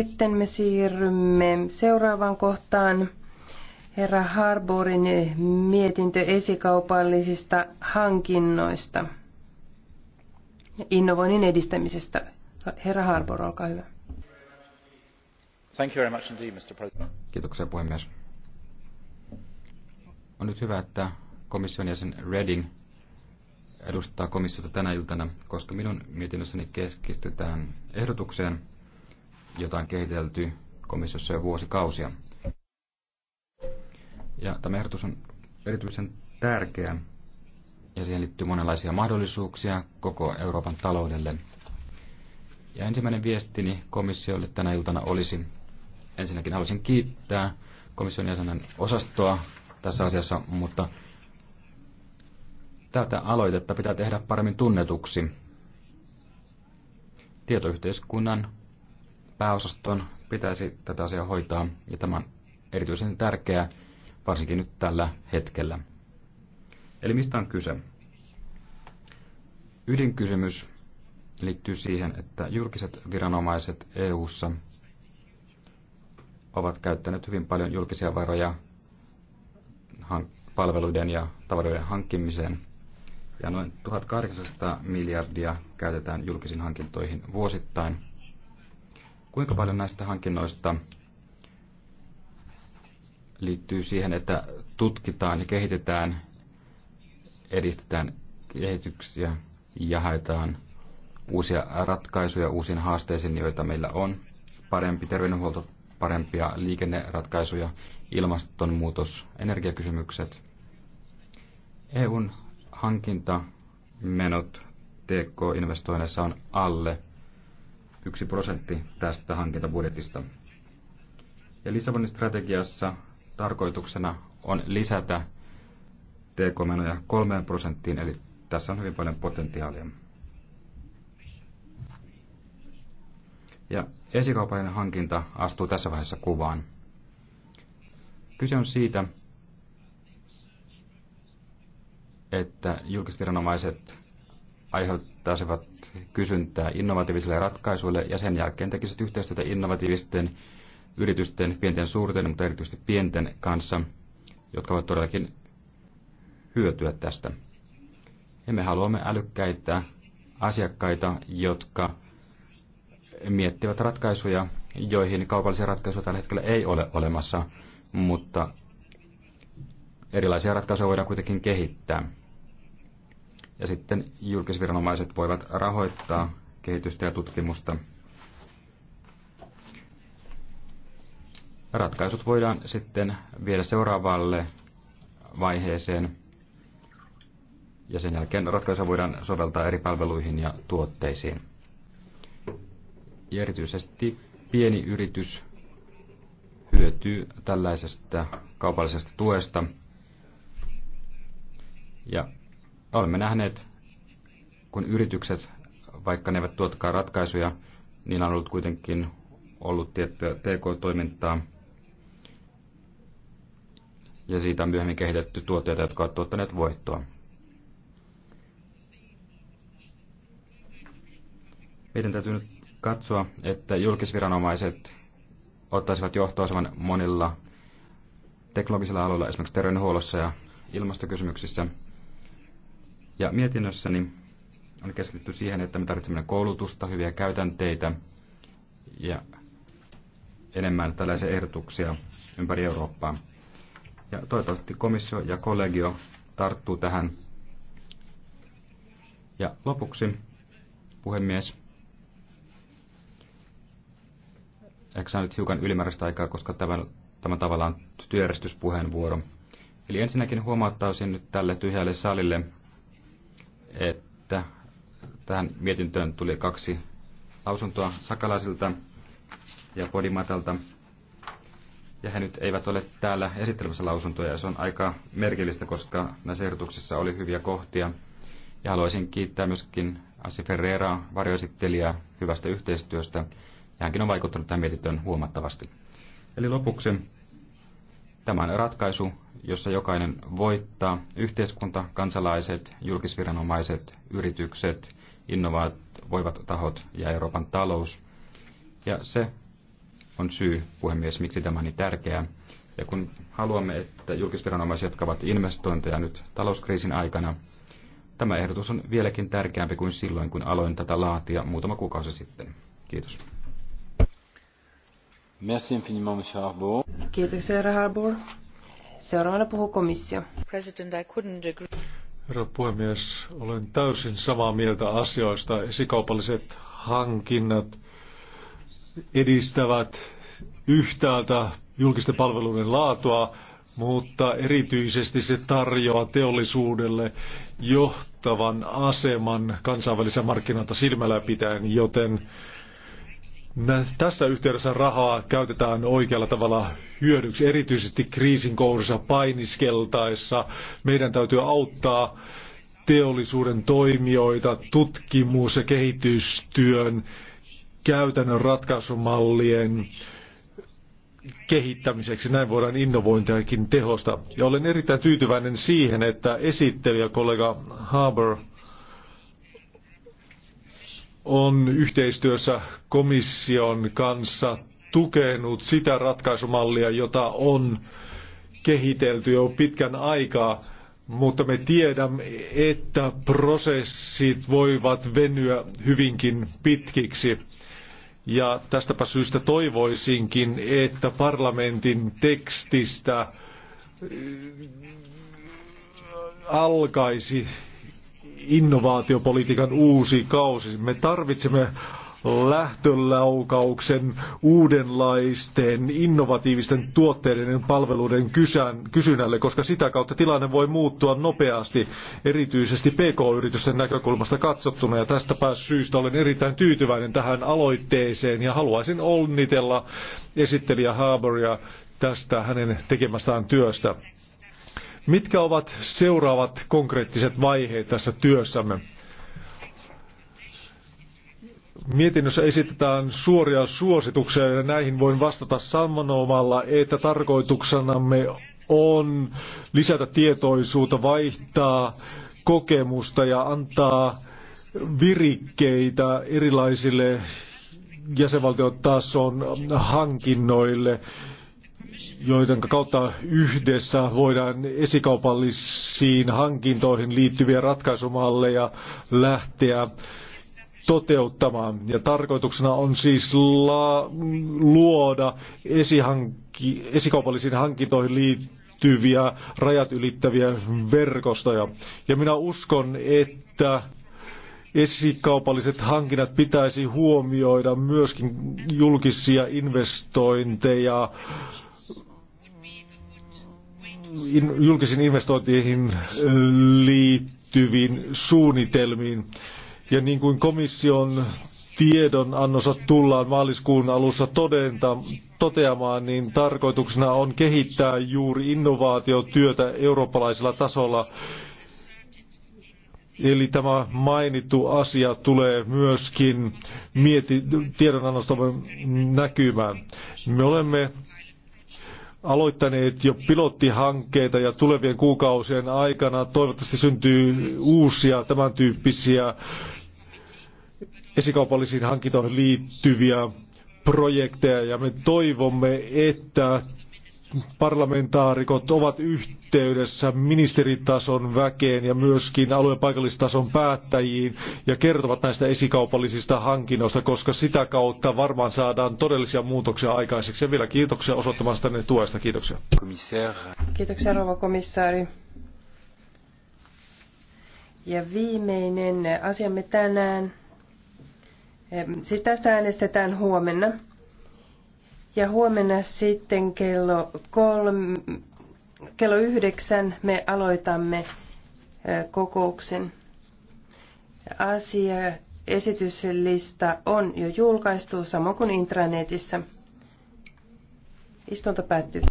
Sitten me siirrymme seuraavaan kohtaan. Herra Harborin mietintö esikaupallisista hankinnoista ja innovoinnin edistämisestä. Herra Harbor, olkaa hyvä. Thank you very much indeed, Mr. President. Kiitoksia puhemies. On nyt hyvä, että komission jäsen Reading edustaa komissiota tänä iltana, koska minun mietinnössäni keskitytään ehdotukseen – jota on kehitelty komissiossa jo vuosikausia. Ja tämä ehdotus on erityisen tärkeä ja siihen liittyy monenlaisia mahdollisuuksia koko Euroopan taloudelle. Ja ensimmäinen viestini komissiolle tänä iltana olisi, ensinnäkin haluaisin kiittää komission jäsenen osastoa tässä asiassa, mutta tätä aloitetta pitää tehdä paremmin tunnetuksi. Tietoyhteiskunnan pääosaston pitäisi tätä asiaa hoitaa, ja tämä on erityisen tärkeää, varsinkin nyt tällä hetkellä. Eli mistä on kyse? Ydinkysymys liittyy siihen, että julkiset viranomaiset EU:ssa ovat käyttäneet hyvin paljon julkisia varoja palveluiden ja tavaroiden hankkimiseen. Ja noin 1800 miljardia käytetään julkisiin hankintoihin vuosittain – Kuinka paljon näistä hankinnoista liittyy siihen, että tutkitaan ja kehitetään, edistetään kehityksiä ja haetaan uusia ratkaisuja uusiin haasteisiin, joita meillä on. Parempi terveydenhuolto, parempia liikenneratkaisuja, ilmastonmuutos, energiakysymykset. EUn hankinta menot tk investoinnissa on alle yksi prosentti tästä hankintabudjetista. Ja Lissabonin strategiassa tarkoituksena on lisätä TK-menoja kolmeen prosenttiin, eli tässä on hyvin paljon potentiaalia. Ja esikaupallinen hankinta astuu tässä vaiheessa kuvaan. Kyse on siitä, että julkisviranomaiset aiheuttaisivat kysyntää innovatiivisille ratkaisuille ja sen jälkeen tekisivät yhteistyötä innovatiivisten yritysten, pienten suurten, mutta erityisesti pienten kanssa, jotka voivat todellakin hyötyä tästä. Ja me haluamme älykkäitä asiakkaita, jotka miettivät ratkaisuja, joihin kaupallisia ratkaisuja tällä hetkellä ei ole olemassa, mutta erilaisia ratkaisuja voidaan kuitenkin kehittää. Ja sitten julkisviranomaiset voivat rahoittaa kehitystä ja tutkimusta. Ratkaisut voidaan sitten viedä seuraavalle vaiheeseen ja sen jälkeen ratkaisuja voidaan soveltaa eri palveluihin ja tuotteisiin. Ja erityisesti pieni yritys hyötyy tällaisesta kaupallisesta tuesta ja olemme nähneet, kun yritykset, vaikka ne eivät tuotkaa ratkaisuja, niin on ollut kuitenkin ollut tiettyä TK-toimintaa. Ja siitä on myöhemmin kehitetty tuotteita, jotka ovat tuottaneet voittoa. Meidän täytyy nyt katsoa, että julkisviranomaiset ottaisivat johtoaseman monilla teknologisilla aloilla, esimerkiksi terveydenhuollossa ja ilmastokysymyksissä – ja mietinnössäni on keskitytty siihen, että me tarvitsemme koulutusta, hyviä käytänteitä ja enemmän tällaisia ehdotuksia ympäri Eurooppaa. Ja toivottavasti komissio ja kollegio tarttuu tähän. Ja lopuksi, puhemies, ehkä saa nyt hiukan ylimääräistä aikaa, koska tämä, tämä tavallaan työjärjestyspuheenvuoro. Eli ensinnäkin huomauttaisin nyt tälle tyhjälle salille, että tähän mietintöön tuli kaksi lausuntoa Sakalaisilta ja Podimatalta. Ja he nyt eivät ole täällä esittelemässä lausuntoja ja se on aika merkillistä, koska näissä ehdotuksissa oli hyviä kohtia. Ja haluaisin kiittää myöskin Assi Ferreira, varjoesittelijää, hyvästä yhteistyöstä. Ja hänkin on vaikuttanut tähän mietintöön huomattavasti. Eli lopuksi Tämä on ratkaisu, jossa jokainen voittaa, yhteiskunta, kansalaiset, julkisviranomaiset, yritykset, innovoivat tahot ja Euroopan talous. Ja se on syy, puhemies, miksi tämä on niin tärkeää. Ja kun haluamme, että julkisviranomaiset jatkavat investointeja nyt talouskriisin aikana, tämä ehdotus on vieläkin tärkeämpi kuin silloin, kun aloin tätä laatia muutama kuukausi sitten. Kiitos. Merci infiniment, Monsieur Harbour. Kiitoksia, herra Harbour. Seuraavana puhuu komissio. President, I couldn't agree. Herra puhemies, olen täysin samaa mieltä asioista. Esikaupalliset hankinnat edistävät yhtäältä julkisten palveluiden laatua, mutta erityisesti se tarjoaa teollisuudelle johtavan aseman kansainvälisen markkinoilta silmällä pitäen, joten tässä yhteydessä rahaa käytetään oikealla tavalla hyödyksi, erityisesti kriisin kourissa painiskeltaessa. Meidän täytyy auttaa teollisuuden toimijoita tutkimus- ja kehitystyön käytännön ratkaisumallien kehittämiseksi. Näin voidaan innovointiakin tehosta. Ja olen erittäin tyytyväinen siihen, että esittelijä kollega Haber on yhteistyössä komission kanssa tukenut sitä ratkaisumallia, jota on kehitelty jo pitkän aikaa, mutta me tiedämme, että prosessit voivat venyä hyvinkin pitkiksi. Ja tästäpä syystä toivoisinkin, että parlamentin tekstistä alkaisi innovaatiopolitiikan uusi kausi. Me tarvitsemme lähtölaukauksen uudenlaisten innovatiivisten tuotteiden ja palveluiden kysän, kysynnälle, koska sitä kautta tilanne voi muuttua nopeasti, erityisesti PK-yritysten näkökulmasta katsottuna. Ja tästä päästä syystä olen erittäin tyytyväinen tähän aloitteeseen ja haluaisin onnitella esittelijä Harboria tästä hänen tekemästään työstä. Mitkä ovat seuraavat konkreettiset vaiheet tässä työssämme? Mietinnössä esitetään suoria suosituksia ja näihin voin vastata sanomalla, että tarkoituksenamme on lisätä tietoisuutta, vaihtaa kokemusta ja antaa virikkeitä erilaisille jäsenvaltiotason hankinnoille joiden kautta yhdessä voidaan esikaupallisiin hankintoihin liittyviä ratkaisumalleja lähteä toteuttamaan. Ja tarkoituksena on siis la- luoda esihanki- esikaupallisiin hankintoihin liittyviä rajat ylittäviä verkostoja. Ja minä uskon, että esikaupalliset hankinnat pitäisi huomioida myöskin julkisia investointeja in, julkisiin investointeihin äh, liittyviin suunnitelmiin. Ja niin kuin komission tiedonannossa tullaan maaliskuun alussa todenta, toteamaan, niin tarkoituksena on kehittää juuri innovaatiotyötä eurooppalaisella tasolla. Eli tämä mainittu asia tulee myöskin mieti, tiedonannostamme näkymään. Me olemme aloittaneet jo pilottihankkeita ja tulevien kuukausien aikana toivottavasti syntyy uusia tämän tyyppisiä esikaupallisiin hankintoihin liittyviä projekteja ja me toivomme, että parlamentaarikot ovat yhteydessä ministeritason väkeen ja myöskin alueen paikallistason päättäjiin ja kertovat näistä esikaupallisista hankinnoista, koska sitä kautta varmaan saadaan todellisia muutoksia aikaiseksi. Ja vielä kiitoksia osoittamastanne tuesta. Kiitoksia. Kiitoksia rouva komissaari. Ja viimeinen asiamme tänään. Siis tästä äänestetään huomenna. Ja huomenna sitten kello, kolme, kello yhdeksän me aloitamme kokouksen. Asia, esityslista on jo julkaistu, samoin kuin intranetissä. Istunto päättyy.